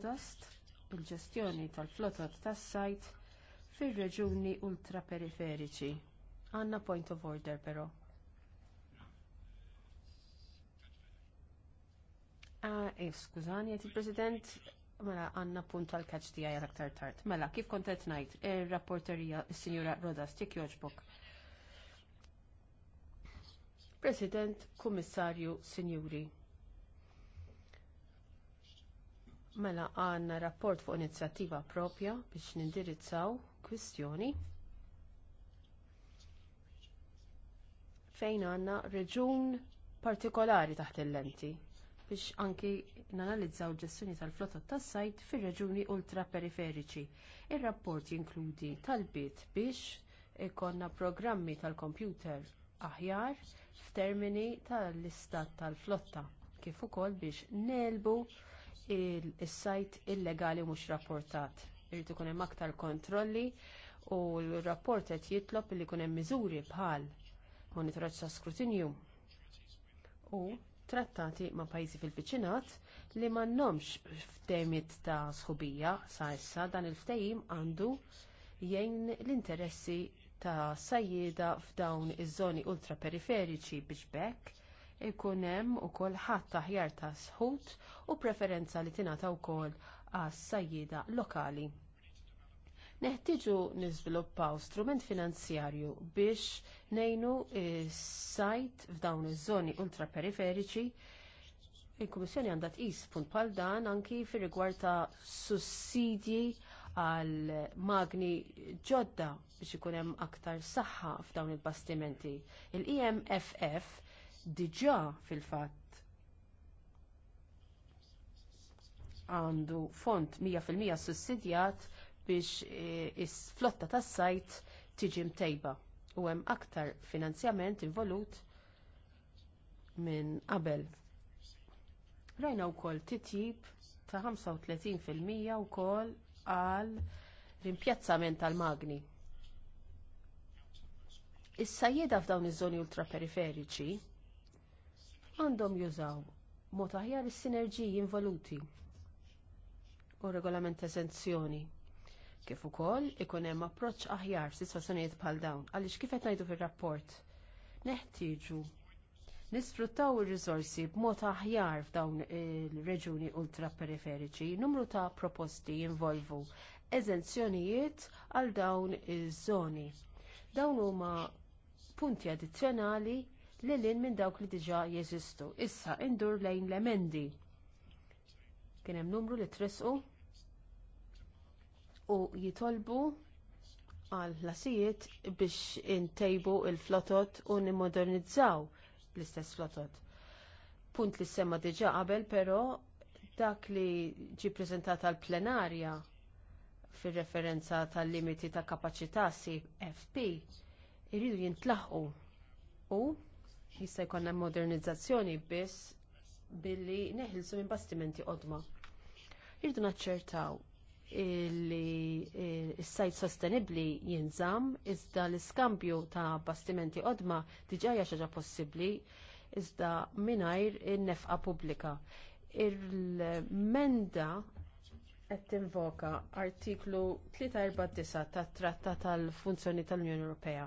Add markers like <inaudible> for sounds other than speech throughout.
l il-ġestjoni tal-flotot tas-sajt fir-reġuni ultraperiferiċi. Għandna point of order però. Ah, eh, skużani, għet il-President, mela għandna punt tal catch di għajat aktar tard. Mela, kif kont qed ngħid, ir-rapporterija s sinjura Rodast, jekk jogħġbok. President, Kummissarju, Sinjuri. Mela għandna rapport fuq inizjattiva proprja biex nindirizzaw kwistjoni fejn għandna reġun partikolari taħt il-lenti biex anki nanalizzaw ġestjoni tal-flotta tas-sajt fir-reġuni ultraperiferiċi. Ir-rapport jinkludi talbiet biex ikonna programmi tal-kompjuter aħjar f'termini tal-istat tal-flotta kif ukoll biex nelbu il-sajt illegali mhux rapportat. Irid ikun hemm aktar kontrolli u l-rapport qed jitlob li jkun hemm miżuri bħal monitoraġġ ta' skrutinju u trattati ma' pajjiżi fil-viċinat li m'għandhomx f'temiet ta' sħubija sa' issa dan il-ftehim għandu jgħin l-interessi ta' sajjieda f'dawn iż-żoni ultraperiferiċi biex bekk ikun hemm ukoll ħadd aħjar ta' sħut u preferenza li tingħata wkoll għas-sajjieda lokali. Neħtieġu niżviluppaw strument finanzjarju biex ngħinu s-sajt f'dawn iż-żoni ultraperiferiċi il-Kummissjoni għandha tqis punt bħal dan anki fir-rigward ta' sussidji għal magni ġodda biex ikun hemm aktar saħħa f'dawn il-bastimenti. Il-EMFF diġà fil-fatt għandu fond 100% sussidjat biex eh, is-flotta tas-sajt tiġi mtejba u hemm aktar finanzjament involut minn qabel. Rajna wkoll titjib ta' 35% wkoll għal rimpjazzament tal-magni. Issa sajjeda f'dawn iż-żoni ultraperiferiċi għandhom jużaw mod aħjar is-sinerġiji involuti u regolament eżenzjoni. Kif ukoll ikun hemm approċċ aħjar sitwazzjonijiet bħal dawn għaliex kif qed ngħidu fir-rapport neħtieġu nisfruttaw ir-riżorsi b'mod aħjar f'dawn ir reġuni ultraperiferiċi. Numru ta' proposti jinvolvu eżenzjonijiet għal dawn iż-żoni. Dawn huma punti addizzjonali li lin minn dawk li diġà jeżistu. Issa indur lejn l-emendi. Kien hemm numru li tresqu u jitolbu għal ħlasijiet biex intejbu l flotot u nimmodernizzaw l-istess flotot. Punt li semma diġà qabel, però dak li ġie ppreżentat għall plenarja fir referenza tal-limiti ta' kapaċità CFP irridu jintlaħqu u Jista' jkollna modernizzazzjoni biss billi neħilsu minn bastimenti qodma. Irdu naċċertaw li eh, s-sajt sostenibbli jinżamm iżda l-iskambju ta' bastimenti qodma diġà hija xi ħaġa possibbli iżda mingħajr in-nefqa pubblika. Il-menda qed tinvoka artiklu 349 tat-Trattat tal-Funzjoni tal-Unjoni Ewropea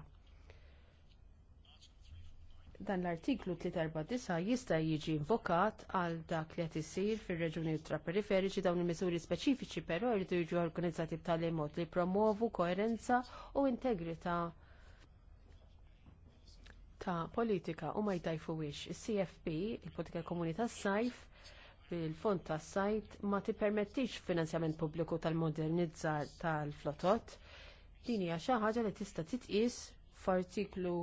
dan l-artiklu 349 jista' jiġi invokat għal dak li qed isir fir-reġuni ultraperiferiċi dawn il-miżuri speċifiċi però jridu jiġu organizzati b'tali mod li promuovu koerenza u integrità ta' politika u ma jtajfuwix is-CFP, il-Politika Komuni tas-Sajf, fil-fond tas-sajt ma tippermettix finanzjament pubbliku tal-modernizzar tal-flotot. Din hija xi ħaġa li tista' titqis f'artiklu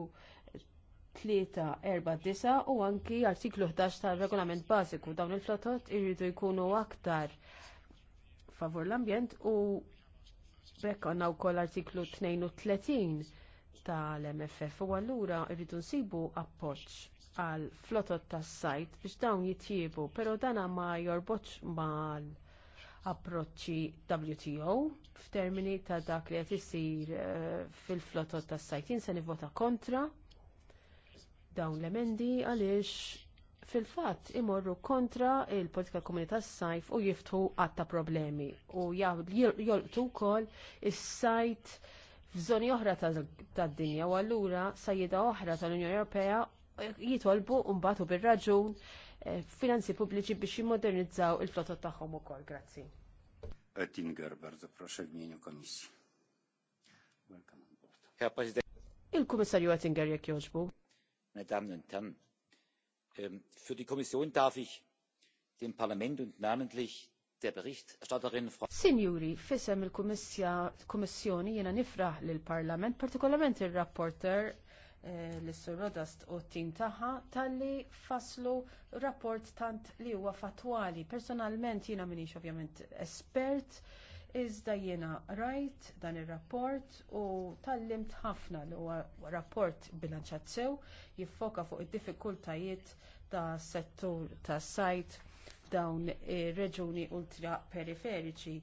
349 u anki artiklu 11 tal-regolament bażiku dawn il-flotot irridu jkunu aktar favur l-ambjent u bekk għandna wkoll artiklu 32 tal-MFF u allura rridu nsibu appoġġ għal flotot tas-sajt biex dawn jitjiebu, però dana ma jorbotx mal approċċi WTO f'termini ta' dak li qed isir uh, fil-flotot tas-sajt. Jien se nivvota kontra dawn l-emendi għaliex fil-fatt imorru kontra l politika komuni tas-sajf u jiftħu għatta problemi u jolqtu wkoll is-sajt f'żoni oħra tad-dinja u allura sajjida oħra tal-Unjoni Ewropea eh, jitolbu mbagħad u bir-raġun eh, finanzi pubbliċi biex jimmodernizzaw il-flotta tagħhom ukoll. Grazzi. Oettinger, bardzo proszę Il-Kummissarju Oettinger jekk jogħġbu meine damen und herren! Ähm, für die kommission darf ich dem parlament und namentlich der berichterstatterin frau Signori, fissem il-Kummissjoni jiena nifraħ lill Parlament, partikolarment ir-rapporter eh, l-Sur Rodast u t-tim tal talli faslu rapport tant li huwa fatwali. Personalment jiena m'iniex ovvjament espert Iżda jiena rajt dan ir-rapport u tallimt ħafna li huwa rapport bilanċat sew jiffoka fuq id-diffikultajiet tas settur tas sajt dawn ir-reġuni ultra periferiċi.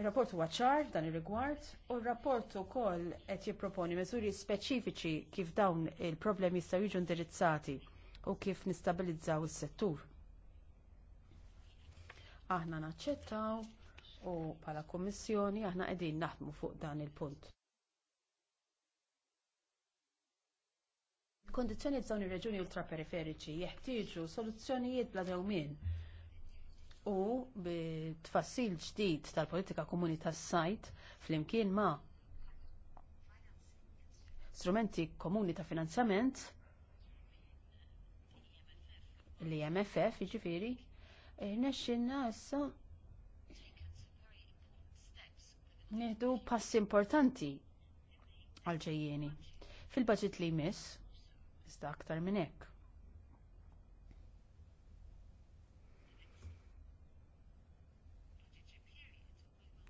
Ir-rapport huwa ċar dan ir-rigward u r-rapport ukoll qed jipproponi miżuri speċifiċi kif dawn il-problemi jistgħu jiġu indirizzati u kif nistabilizzaw is-settur. Aħna naċċettaw u bħala Kummissjoni aħna qegħdin naħdmu fuq dan il-punt. Kondizzjoni f'dawn ir-reġuni ultraperiferiċi jeħtieġu soluzzjonijiet bla dewmien u bit-tfassil ġdid tal-politika komuni tas-sajt flimkien ma' strumenti komuni ta' finanzjament li MFF jiġifieri, nexxinna issa nieħdu pass importanti għal-ġejjeni fil-budget li jmiss, iżda aktar minn hekk.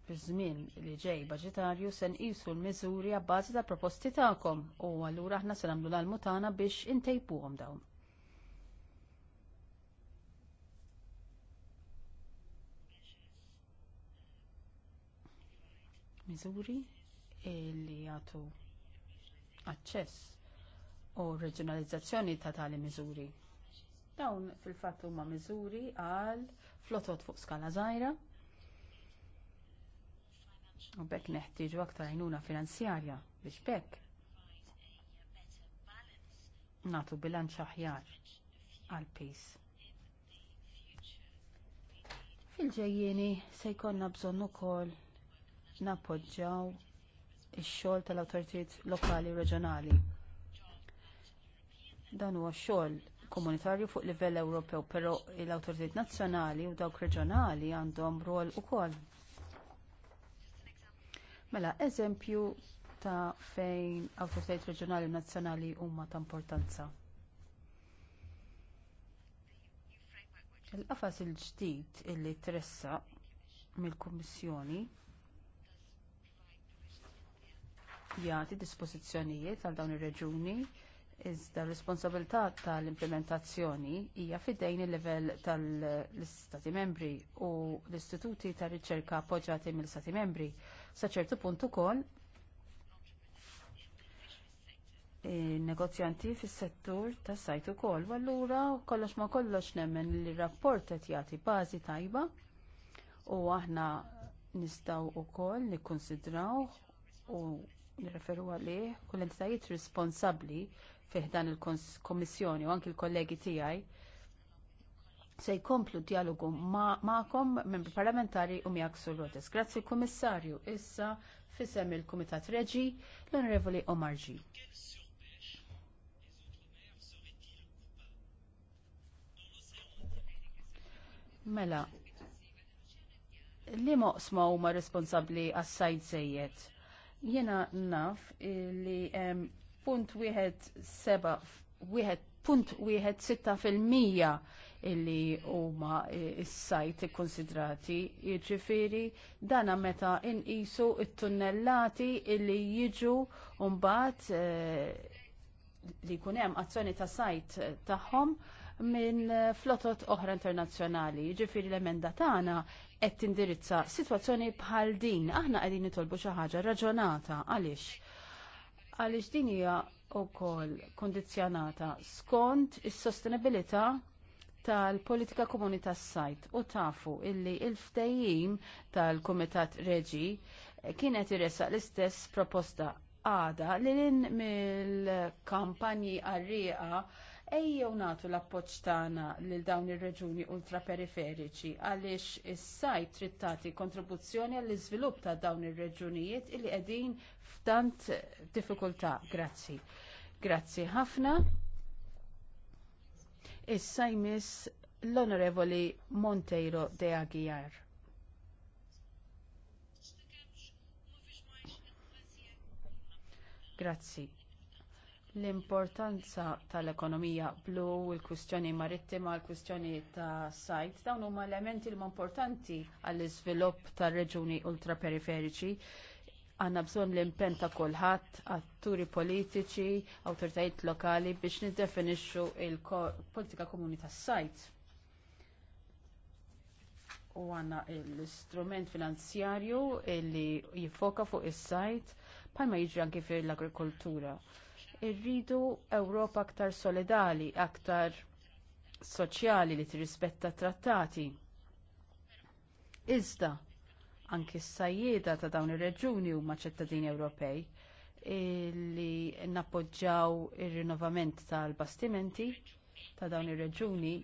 Fiż-żmien li ġej budgetarju se nqisu l-miżuri għabbażi tal proposti tagħkom u allura aħna se nagħmlu l-almutana biex intejbuhom dawn. miżuri li jagħtu aċċess u reġjonalizzazzjoni ta' tali miżuri. Dawn fil-fatt huma miżuri għal flotot fuq skala żgħira u bekk neħtieġu aktar għajnuna finanzjarja biex bekk natu bilanċ aħjar għal pis. Fil-ġejjieni se jkollna bżonn ukoll nappoġġjaw ix-xogħol tal-awtoritajiet lokali reġjonali. Dan huwa xogħol komunitarju fuq livell Ewropew, però l-awtoritajiet nazzjonali u dawk reġjonali għandhom rol ukoll. Mela, eżempju ta' fejn awtoritajiet reġjonali u nazzjonali huma ta' importanza. Il-qafas il-ġdid illi tressaq mill-Kummissjoni jagħti dispożizzjonijiet għal dawn ir-reġuni iżda r-responsabilità tal-implementazzjoni hija fidejn il-livell tal-Istati Membri u l-istituti ta' riċerka appoġġjati mill-Istati Membri. Sa ċertu punt ukoll negozjanti fis-settur tas-sajt ukoll u allura kollox ma kollox nemmen li r-rapport qed jagħti bażi tajba u aħna nistgħu wkoll nikkonsidrawh u nirreferu għalih kull entitajiet responsabbli fih dan il kummissjoni u anki l-kollegi tiegħi se jkomplu dialogu ma'kom ma membri parlamentari u miegħek sur-rotes. Grazzi Kummissarju. Issa fisem il-Kumitat Reġi l-Onorevoli Omar G. Mela, li moqsma huma responsabbli għas-sajd sejjed? Jena naf li um, punt wieħed seba wieħed punt wieħed sitta fil-mija illi huma e, s-sajt ikkonsidrati, jiġifieri dana meta inqisu t-tunnellati illi jiġu mbagħad e, li jkun hemm azzjoni ta' sajt tagħhom minn e, flotot oħra internazzjonali. Jiġifieri l-emenda tagħna qed tindirizza sitwazzjoni bħal din. Aħna qegħdin nitolbu xi ħaġa raġonata għaliex. Għaliex din hija wkoll kondizzjonata skont is-sostenibilità tal-politika komuni tas-sajt u tafu illi l il ftejjim tal-Kumitat Reġi kienet irresaq l-istess proposta għada li l-in mill-kampanji għarriqa ejjew nagħtu l-appoġġ tagħna lil dawn ir-reġuni ultraperiferiċi għaliex is-sajt trid tagħti kontribuzzjoni għall-iżvilupp ta' dawn ir-reġunijiet illi qegħdin f'tant diffikultà. Grazzi. Grazzi ħafna. Issa jmiss l-Onorevoli Monteiro de Aguiar. Grazzi L-importanza tal-ekonomija blu, il-kwistjoni marittima, l kwistjoni ta' sajt, dawn huma elementi l importanti għall-iżvilupp tar-reġuni ultraperiferiċi. Għanna bżonn l-impenn ta' kulħadd, atturi politiċi, awtoritajiet lokali biex niddefinixxu il-politika komuni tas-sajt u għanna l-istrument finanzjarju li jifoka fuq is-sajt palma jiġri anki fil-agrikoltura irridu Ewropa aktar solidali, aktar soċjali li tirrispetta t trattati. Iżda, anki s-sajjieda ta' dawn ir-reġuni huma ċittadini Ewropej li nappoġġjaw ir-rinnovament tal-bastimenti ta' dawn ir-reġuni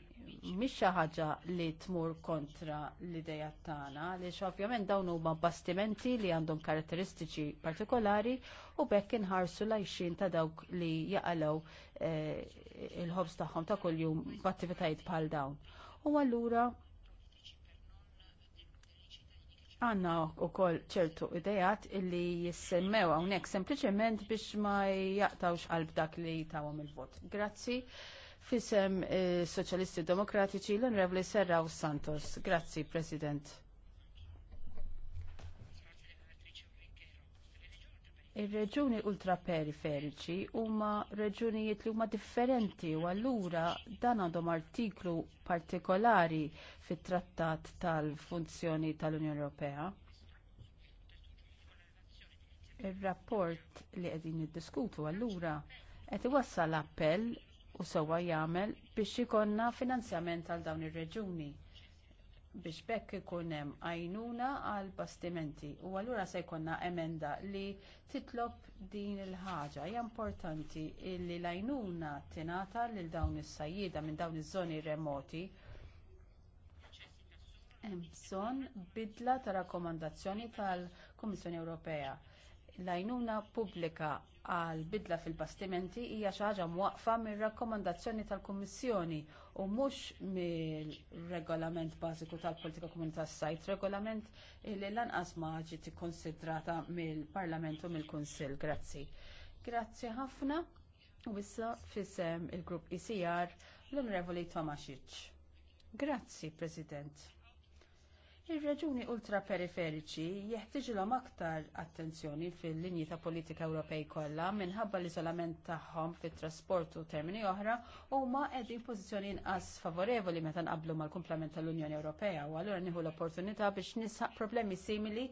mhix xi ħaġa li tmur kontra l-idea tagħna għaliex ovvjament dawn huma bastimenti li għandhom karatteristiċi partikolari u bekk inħarsu lajxin ta' dawk li jaqalgħu eh, il-ħobs tagħhom ta' kuljum b'attivitajiet bħal dawn. U allura għanna u koll ċertu idejat illi jissemmew għonek sempliciment biex ma jaqtawx għalb dak li tawom il-vot. Grazzi. Fisem eh, Soċjalisti Demokratiċi l-Onorevoli Serraw Santos. Grazzi, President. Ir-reġuni ultraperiferiċi huma reġunijiet li huma differenti u allura dan għandhom artiklu partikolari fit-Trattat tal-Funzjoni tal-Unjoni Ewropea. Ir-rapport li qegħdin niddiskutu allura qed iwassal appell u sewwa jagħmel biex ikonna finanzjament għal dawn ir-reġuni biex bekk ikun hemm għajnuna għal bastimenti u allura se jkollna emenda li titlob din il-ħaġa hija importanti li l-għajnuna tingħata lil dawn is-sajjieda minn dawn iż-żoni remoti hemm bżonn bidla ta' rakkomandazzjoni tal-Kummissjoni Ewropea l-għajnuna pubblika għal bidla fil-bastimenti hija xi ħaġa mwaqfa mir-rakkomandazzjoni tal-Kummissjoni u mhux mir-regolament bażiku tal-Politika Komunità Sajt, regolament li lanqas ma ġiet ikkonsidrata mill-Parlament u mill-Kunsill. Grazzi. Grazzi ħafna u issa fisem il-grupp ICR e l-Onorevoli Tomasic. Grazzi, President. Ir-reġuni ultraperiferiċi jeħtieġilhom aktar attenzjoni fil-linji ta' politika Ewropej kollha minħabba l-iżolament tagħhom fit-trasport u termini oħra huma qegħdin pożizzjoni inqas favorevoli meta nqablu mal-kumplament tal-Unjoni Ewropea u allura nieħu l-opportunità biex nisaq problemi simili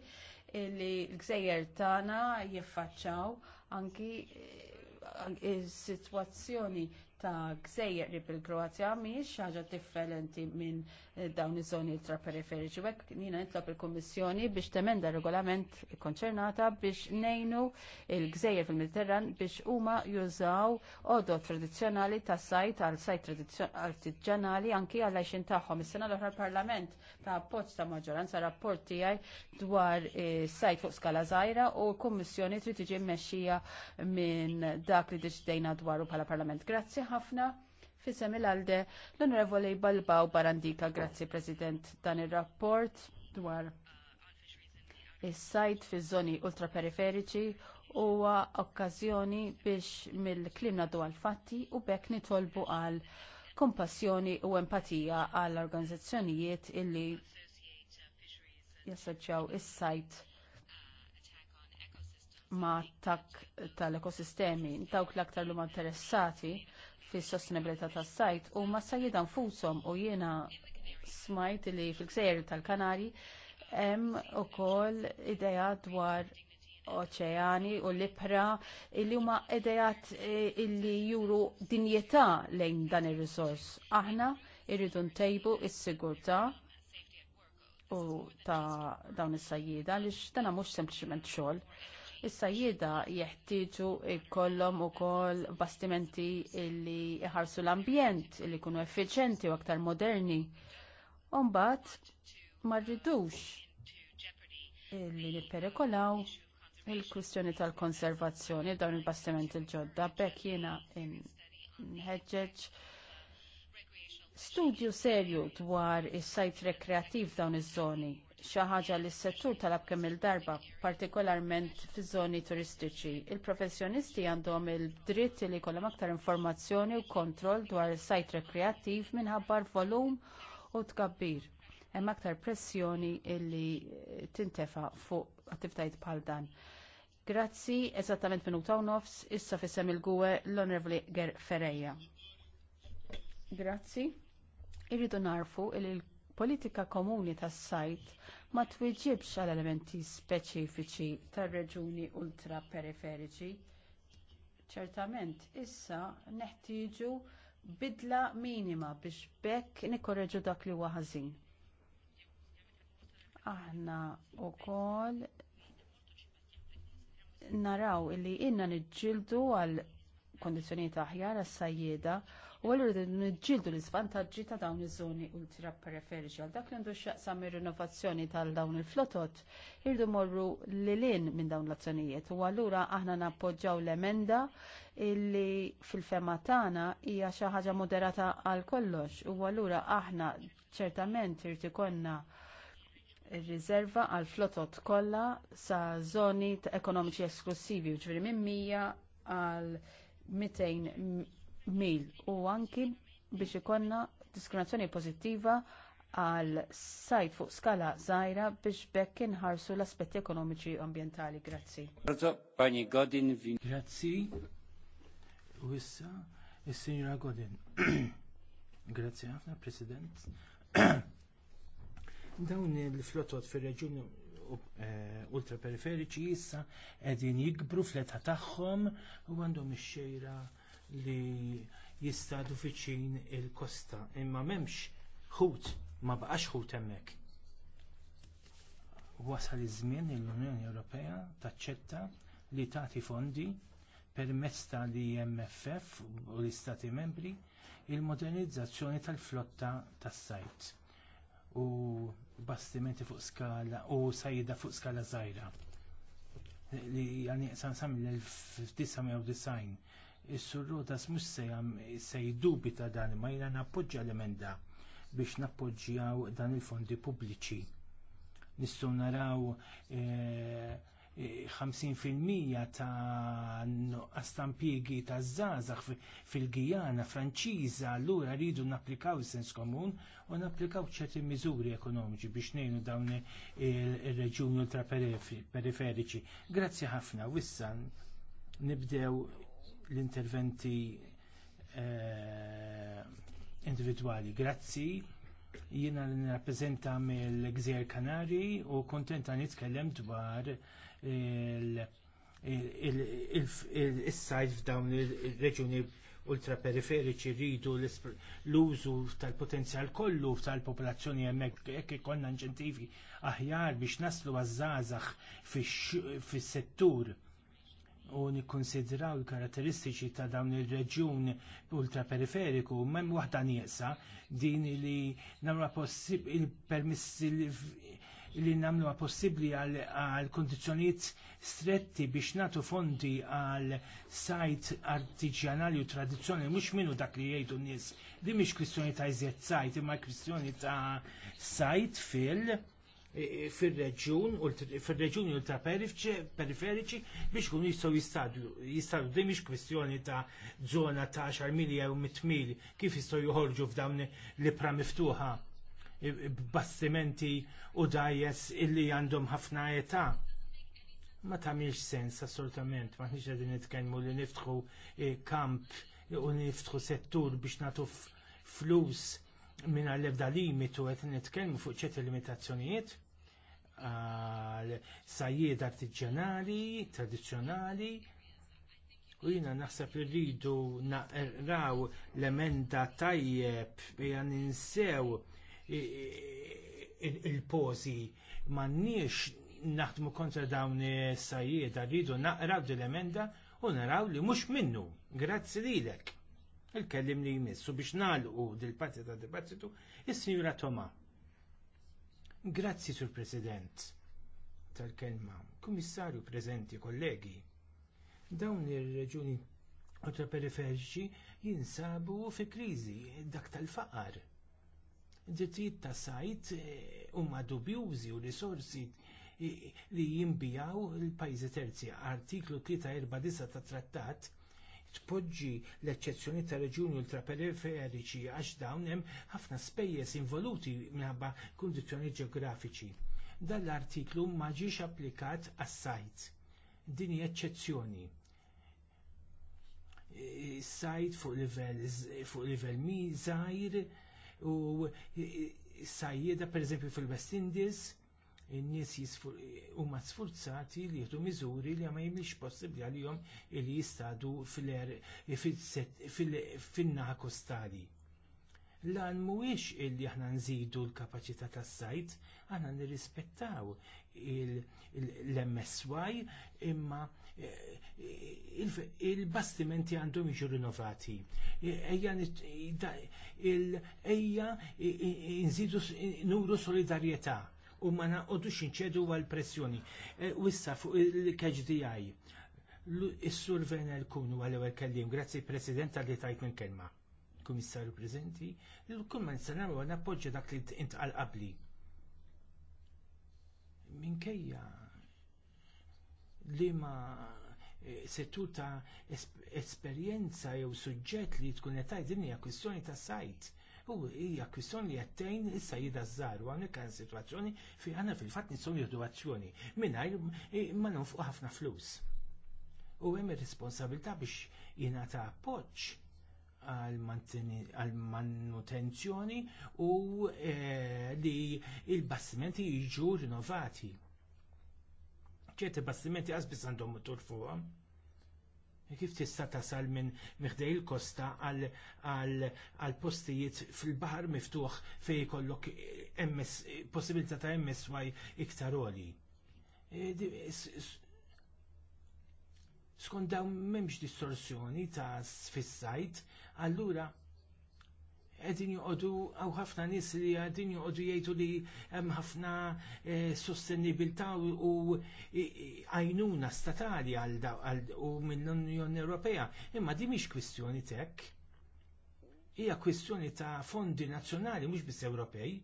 li l-gżejjer tagħna jiffaċċaw anki eh, is-sitwazzjoni ta' gżejjer li bil-Kroazja mhijiex ħaġa differenti minn eh, dawn iż-żoni ultraperiferiċi. Wek jiena nitlob il-Kummissjoni biex temenda regolament konċernata biex nejnu il-gżejjer fil-Mediterran biex huma jużaw għodot tradizzjonali ta' sajt għal sajt artiġjanali anki għal għajxin tagħhom. Is-sena l-oħra parlament ta' appoġġ ta' maġġoranza rapport tiegħi dwar eh, sajt fuq skala żgħira u l-Kummissjoni trid tiġi mmexxija minn dak li diġdejna dwaru bħala Parlament. Grazzi ħafna fissem il-għalde l-Onorevoli Balbaw Barandika, grazzi President, dan il-rapport dwar is-sajt fi żoni ultraperiferiċi huwa okkażjoni biex mill klimna dwar għal fatti u bekk nitolbu għal kompassjoni u empatija għall organizzazzjonijiet illi jassoċjaw is-sajt ma' attakk tal-ekosistemi. Dawk l-aktar l-huma interessati fis sostenibilità tas-sajt huma sajjida nfushom u jiena smajt li fil-gżejjer tal-Kanari hemm ukoll idea dwar oċeani u l-ibra illi huma idejat e, illi juru dinjetà lejn dan ir riżors Aħna irridu ntejbu s-sigurtà u ta' dawn is-sajjieda għaliex dan mhux sempliċement xogħol Is-sajjida jeħtieġu jkollhom ukoll bastimenti li jħarsu l-ambjent li jkunu effiċenti u aktar moderni. U mbagħad ma rridux li nipperikolaw il-kwistjoni tal-konservazzjoni dawn il-bastimenti l-ġodda bekk jiena nħeġġeġ studju serju dwar is-sajt rekreattiv dawn iż-żoni xi ħaġa li s-settur talab kemm il-darba, partikolarment fiż-żoni turistiċi. Il-professjonisti għandhom il-dritt li jkollhom aktar informazzjoni u kontroll dwar sajt rekreattiv minħabba volum u tkabbir. Hemm aktar pressjoni li tintefa' fuq attivitajiet bħal dan. Grazzi, eżattament minuta u nofs, issa fissem il-gwe l-Onorevoli Ger Ferreja. Grazzi. Irridu narfu il politika komuni tas-sajt ma twieġibx għal elementi speċifiċi tar-reġuni ultra periferiċi. Ċertament, issa neħtieġu bidla minima biex bekk nikkorreġu dak li huwa ħażin. Aħna wkoll naraw li inna niġġieldu għal kundizzjonijiet aħjar għas-sajjieda U għallura nġildu l svantagġi ta' dawn iż-żoni ultra periferiċi għal dak li għandu x'jaqsam ir-rinnovazzjoni tal dawn il-flotot irdu morru lilin minn dawn l-azzjonijiet. U allura aħna nappoġġaw l-emenda illi fil-fema tagħna hija xi ħaġa moderata għal kollox. U allura aħna ċertament irid ikollna ir-riserva għal flotot kollha sa żoni ekonomiċi esklusivi, ġifieri minn 100 għal 200 mil u anki biex ikonna diskriminazzjoni pożittiva għal sajt fuq skala żgħira biex bekkin inħarsu l-aspetti ekonomiċi u ambjentali. Grazzi. Grazzi. U issa, il sinjura Godin. <clears throat> Grazzi ħafna, President. <clears throat> Dawn il-flotot fir-reġjuni eh, ultraperiferiċi issa qegħdin jikbru fl-età tagħhom u għandhom ix-xejra li jista fiċin il-kosta imma m'hemmx ħut ma baqax ħut hemmhekk. Wasal iż-żmien l-Unjoni Ewropea taċċetta li tagħti fondi permezz tal-IMFF u l-Istati Membri il-modernizzazzjoni tal-flotta tas-sajt u bastimenti fuq skala u sajda fuq skala żgħira li għani sansam l-1990 Is-sur Rodas mhux se jdubita dan imma jiena nappoġġja l-emenda biex nappoġġjaw dan il-fondi pubbliċi. Nistgħu naraw 50% e, e, ta' nuqqas tampjiegi ta' żgħażagħ fil-Gijana Franċiża allura rridu napplikaw is sens komun u napplikaw ċerti miżuri ekonomiċi biex ngħinu dawn ir-reġjuni ultraperiferiċi. Grazzi ħafna, wissa nibdew l-interventi eh, individwali. Grazzi, jiena nirrappreżenta mill-Gżir Kanari u kontenta nitkellem dwar il-sajf f'dawn il-reġuni ultraperiferiċi rridu l-użu tal-potenzjal kollu tal-popolazzjoni jemmek hekk ikollna inċentivi aħjar biex naslu għazzazax żgħażagħ fis-settur u nikkonsidraw il-karatteristiċi ta' dawn ir-reġjun ultraperiferiku m'hemm waħda nieqsa din li nagħmluha permessi li nagħmluha possibbli għal kundizzjonijiet stretti biex nagħtu fondi għal sajt artiġjanali u tradizzjoni mhux minnu dak li jgħidu n-nies. Din mhix kwistjoni ta' iżjed sajt imma kwistjoni ta' sajt fil- fil-reġjun u fil-reġjuni periferiċi biex kun jistgħu jistadlu. Jistadlu din mhix kwestjoni ta' żona ta' 10 mili jew 100 mil kif jistgħu joħorġu f'dawn li pra miftuħa bastimenti u dajes illi għandhom ħafna età. Ma tagħmilx sens assolutament, ma nix qegħdin nitkellmu li niftħu eh, kamp u niftħu settur biex nagħtu flus minn għall-ebda limitu qed nitkellmu fuq ċerti limitazzjonijiet għal sajjed artiġjanali, tradizzjonali, u jiena naħseb li rridu naqraw l-emenda tajjeb hija ninsew il-pozi m'għandniex naħdmu kontra dawn is-sajjieda, rridu naqraw din l-emenda u naraw li mhux minnu. Grazzi lilek. Il-kellim li jmissu biex nagħlqu dil-parti tad dibattitu, is-Sinjura Toma. Grazzi, Sur President, tal-kelma. Kummissarju preżenti, kollegi. Dawn ir-reġuni ultraperiferiċi jinsabu fi kriżi dak tal-faqar. Drittijiet ta' sajt eh, huma dubjużi u risorsi eh, li jimbijaw il pajjiżi terzi. Artiklu 349 tat trattat tpoġġi l-eċċezzjoni ta' reġjuni ultraperiferiċi għax dawn hemm ħafna spejjeż involuti minħabba kundizzjoni ġeografiċi. Dan l-artiklu ma ġiex applikat għas-sajt. Din hija eċċezzjoni. Sajt fuq livell fuq livell mi żgħir u sajjieda pereżempju fil-West Indies in-nies huma sfurzati li jieħdu miżuri li ma jimlix possibbli għalihom li jistadu fin-naħa kostali. Lan mhuwiex illi aħna nżidu l-kapaċità tas-sajt, aħna nirrispettaw l-MSY imma eh, il-bastimenti għandhom jiġu rinnovati. Ejja nżidu numru solidarjetà u ma naqodu xinċedu għal pressjoni. E, u issa fuq il-KGDI. Is-sur Venel kunu għal ewel kellim, grazzi President tal-li tajt kelma. Komissarju prezenti, l-kun ma nistanamu għan appoġġa dak li intqal qabli. Minkejja li ma e, setuta esperienza esperjenza jew suġġett li tkun qed dinja din hija kwistjoni ta' sajt u hija kwistjoni li jettejn issa jida żżar u għamlek għan situazzjoni fi għanna fil fatt nistgħu jirdu azzjoni mingħajr eh, ma nonfqu ħafna flus. U hemm ir-responsabilità biex jingħata appoġġ għal manutenzjoni u eh, li il-bastimenti jiġu rinnovati. ċerti bastimenti għazbis għandhom motor fuqhom E kif tista' tasal minn miħdej il-kosta għal postijiet fil-baħar miftuħ fejn jkollok possibilità ta' MSY iktar oli. E skont dawn m'hemmx distorsjoni ta' fis-sajt, allura għedin juqodu, għaw ħafna nis li għedin juqodu jgħidu li hemm ħafna eh, sostenibilità u għajnuna statali għal u mill-Unjoni Ewropea. Imma di mhix kwistjoni tek. Hija kwistjoni ta' fondi nazzjonali mhux biss Ewropej.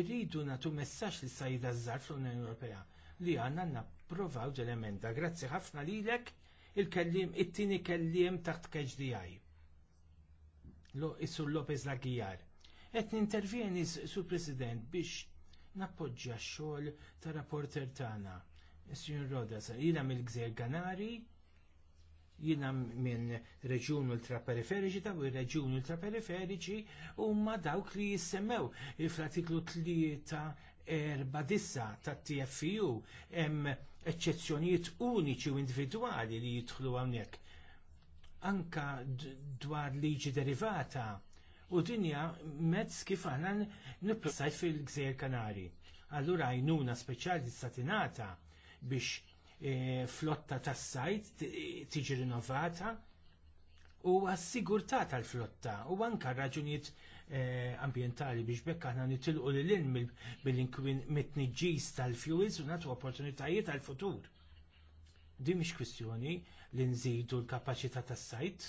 Irridu nagħtu messaġġ li sajda żgħar fl-Unjoni Ewropea li għandna napprovaw dil elementa Grazzi ħafna lilek il-kellim, it-tieni kelliem taħt keġdijaj. Isur Lopez Lagijar. Et nintervjeni su President biex nappoġġja x-xogħol ta' rapporter tagħna. is Rodas, jiena mill-Gżejjer Ganari, jiena minn reġjun ultraperiferiċi ta' u reġjun ultraperiferiċi huma dawk li jissemmew fl-artiklu 3 dissa tat-TFU hemm eċċezzjonijiet uniċi u individwali li jidħlu hawnhekk anka dwar liġi derivata u dinja mezz kif aħna nipplassaj fil-Gżejjer Kanari. Allura għajnuna speċjali statinata biex flotta tas sajt tiġi rinnovata u għas-sigurtà tal-flotta u anke raġunijiet ambjentali biex bekk aħna nitilqu lil-in mill-tniġġis tal-fuels u nagħtu opportunitajiet għall futur Di mhix kwistjoni li nżidu l-kapaċità tas-sajt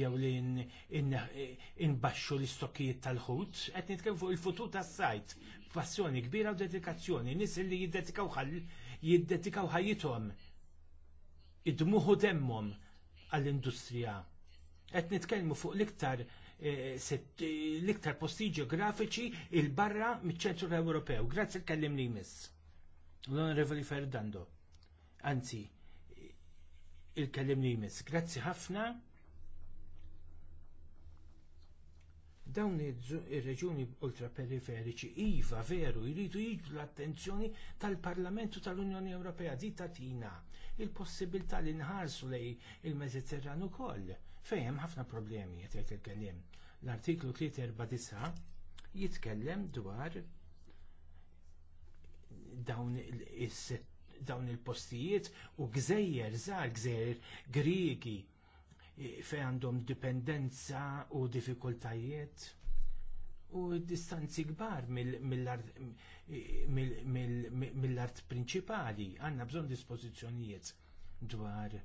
jew li inbaxxu l-istokkijiet tal-ħut, qed nitkellem fuq il-futur tas-sajt. Passjoni kbira u dedikazzjoni, nies li jiddedikaw jiddedikaw ħajjithom id-dmuħu demmhom għall-industrija. Qed nitkellmu fuq l-iktar eh, l-iktar posti ġeografiċi il-barra miċ-ċentru Ewropew. Grazzi l li miss. L-Onorevoli Ferdando anzi, il kelliem li jmiss. Grazzi ħafna. Dawn ir-reġuni ultraperiferiċi iva veru jridu jiġu l-attenzjoni tal-Parlamentu tal-Unjoni Ewropea di tatina il-possibilità li nħarsu lej il-Mediterran ukoll fejn hemm ħafna problemi qed il-kellim. L-artiklu 349 jitkellem dwar dawn is-sett dawn il-postijiet u gżejjer żgħar gżejjer grigi e, fejn għandhom dipendenza u diffikultajiet u distanzi kbar mill-art e, prinċipali għandna bżonn dispożizzjonijiet dwar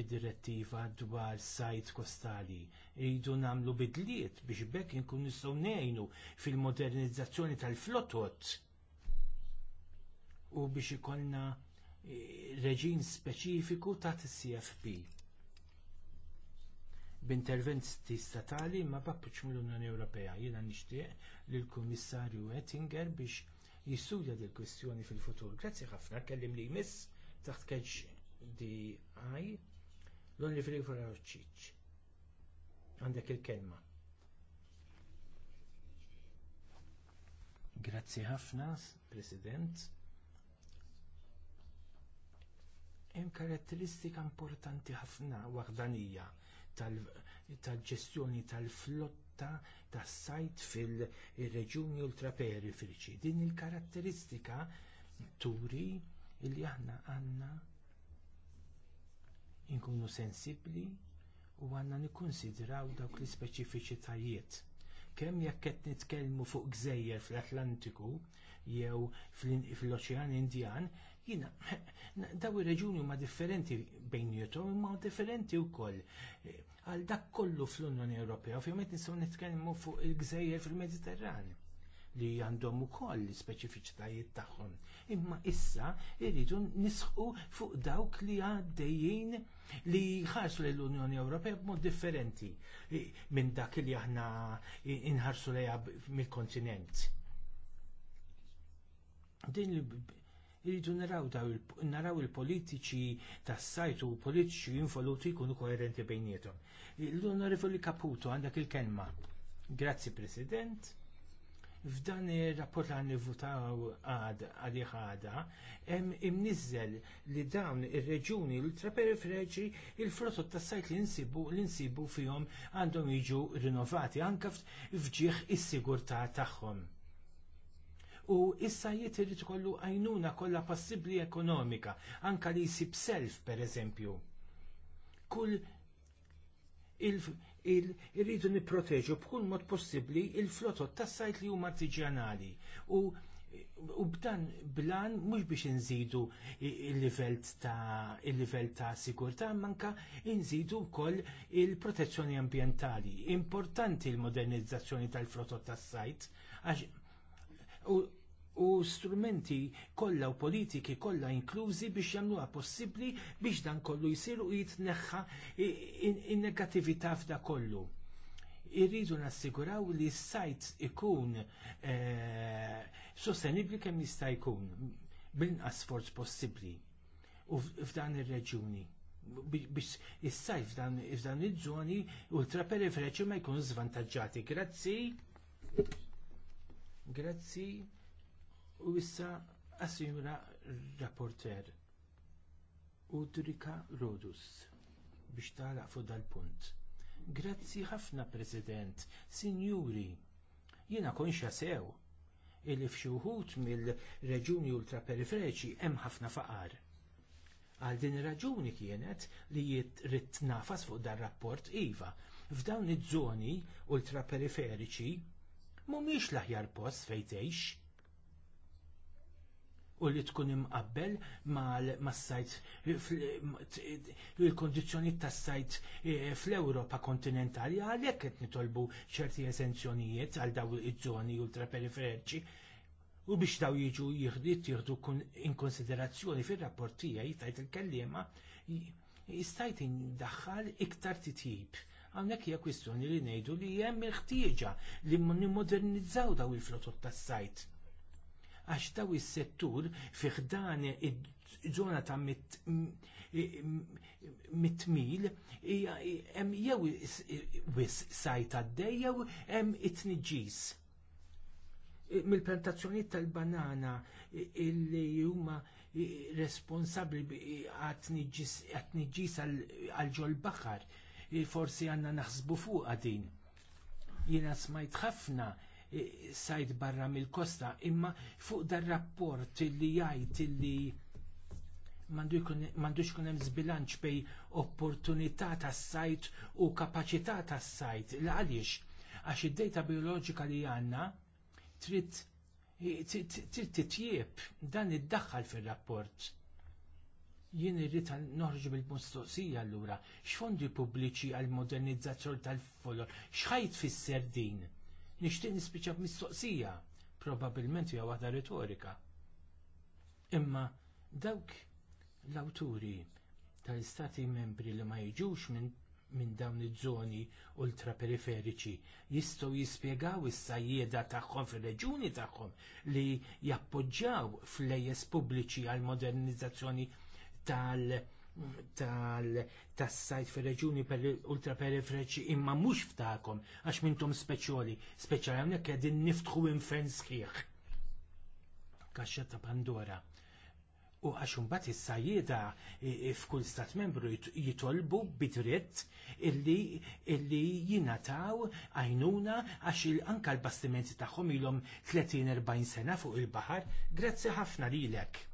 id-direttiva dwar sajt kostali. Rridu nagħmlu bidliet biex bekk inkunu nistgħu ngħinu fil-modernizzazzjoni tal-flotot u biex ikollna e, reġim speċifiku ta' CFP b'interventi statali ma b'appoġġ mill-Unjoni Ewropea. Jiena nixtieq lill kummissarju Oettinger biex jistudja dil kwistjoni fil-futur. Grazzi ħafna, kellim li jmiss taħt keġ di għaj l Għandek il-kelma. Grazzi ħafna, President. Hemm karatteristika importanti ħafna waħdanija tal-ġestjoni tal-flotta tas-sajt fil-reġuni ultraperifriċi. Din il-karatteristika turi li aħna għandna inkunu sensibbli u għandna nikkunsidraw dawk l-ispeċifiċitajiet kemm jekk qed nitkellmu fuq gżejjer fl-Atlantiku jew fl-Oċean Indjan, jina <clears throat> daw ir-reġuni huma differenti bejnietom imma differenti wkoll. E, għal dak kollu fl-Unjoni Ewropea, ovvjament nistgħu nitkellmu fuq il-gżejjer fil-Mediterran li għandhom ukoll l-ispeċifiċitajiet tagħhom. Imma issa irridu nisħu fuq dawk li għaddejjin li jħarsu lill unjoni Ewropea b'mod differenti minn dak li aħna inħarsu lejha mill-kontinent. Din irridu naraw naraw il-politiċi tas-sajtu u politiċi involuti jkunu koerenti bejniethom. L-Onorevoli Caputo għandek il-kelma. Grazzi President. F'dan ir-rapport li nivvutaw għada għada, hemm imniżżel li dawn ir-reġuni ultraperiferiċi il-frottot tas-sajt li nsibu li nsibu fihom għandhom jiġu rinnovati anke fġieħ is-sigurtà tagħhom. U issa irid kollu għajnuna kollha passibbli ekonomika, anke li jsib self pereżempju. Kull il- irridu nipproteġu b'kull mod possibbli l flotot tas-sajt li huma artiġjanali u u b'dan blan mhux biex inżidu il-livell ta' il-livell ta' sigurtà manka inżidu wkoll il-protezzjoni ambjentali. Importanti l-modernizzazzjoni tal-flotot tas-sajt u strumenti kollha u politiki kollha inklużi biex jagħmluha possibbli biex dan kollu jsir u jitneħħa in-negattività f'da kollu. Irridu nassiguraw li s-sajt ikun eh, sostenibbli kemm jista' jkun bil-inqas sforz possibbli u f'dan ir-reġjuni biex is-sajf f'dan iż-żoni ultra periferiċi ma jkunu żvantaġġati. Grazzi. Grazzi. U issa assimra rapporter Udrika Rodus biex tagħlaq fuq dal-punt. Grazzi ħafna, President, Sinjuri, jiena konxja sew li f'xi wħud mill-reġuni ultraperiferiċi hemm ħafna faqar. Għal din ir-raġuni kienet li jitrid nafas fuq dan rapport iva. F'dawn iż-żoni ultraperiferiċi mhumiex l-aħjar post fejn tgħix u li tkun imqabbel mas-sajt il kundizzjonijiet tas-sajt fl-Ewropa kontinentali għalhekk qed nitolbu ċerti esenzjonijiet għal dawn iż-żoni ultraperiferiċi u biex daw jiġu jihdit jieħdu in konsiderazzjoni fir-rapport tiegħi tajt il-kellima jistajt indaħħal iktar titjib. Hawnhekk hija kwistjoni li ngħidu li hemm il-ħtieġa li nimmodernizzaw daw il-flotot tas-sajt għax daw is-settur fih dan iż-żona ta' mitmil hemm jew wis sajt għaddej jew hemm it-tniġġis mill-plantazzjoni tal-banana li huma responsabbli għat-tniġġis għal-ġol baħar forsi għandna naħsbu fuq din. Jiena smajt ħafna sajt barra mill-kosta, imma fuq dar rapport li jgħid li m'għandux kun hemm zbilanċ bejn opportunità tas-sajt u kapaċità tas-sajt. Għaliex, għax id-dejta bioloġika li għandna trid titjieb dan iddaħħal fir-rapport jien irrid noħroġ bil-mistoqsija allura x'fondi pubbliċi għall modernizzazzjoni tal-folor x'ħajt fisser din? nixtieq nispiċċa mistoqsija, probabbilment hija waħda retorika. Imma dawk l-awturi tal-istati membri li ma jiġux minn min dawn iż-żoni ultraperiferiċi jistgħu jispjegaw is-sajjieda tagħhom fir-reġuni tagħhom li jappoġġjaw flejjes pubbliċi għall modernizzazzjoni tal- tas-sajt fir-reġjuni ultraperifereċi imma mhux ftakom għax mintom speċjali, speċjali hawnhekk qegħdin niftħu infern sħiħ. Kaxxa ta' Pandora. U għax imbagħad is-sajjieda f'kull stat membru jitolbu bidritt illi, illi jingħataw għajnuna għax anke l-bastimenti tagħhom ilhom 30-40 sena fuq il-baħar. Grazzi ħafna lilek.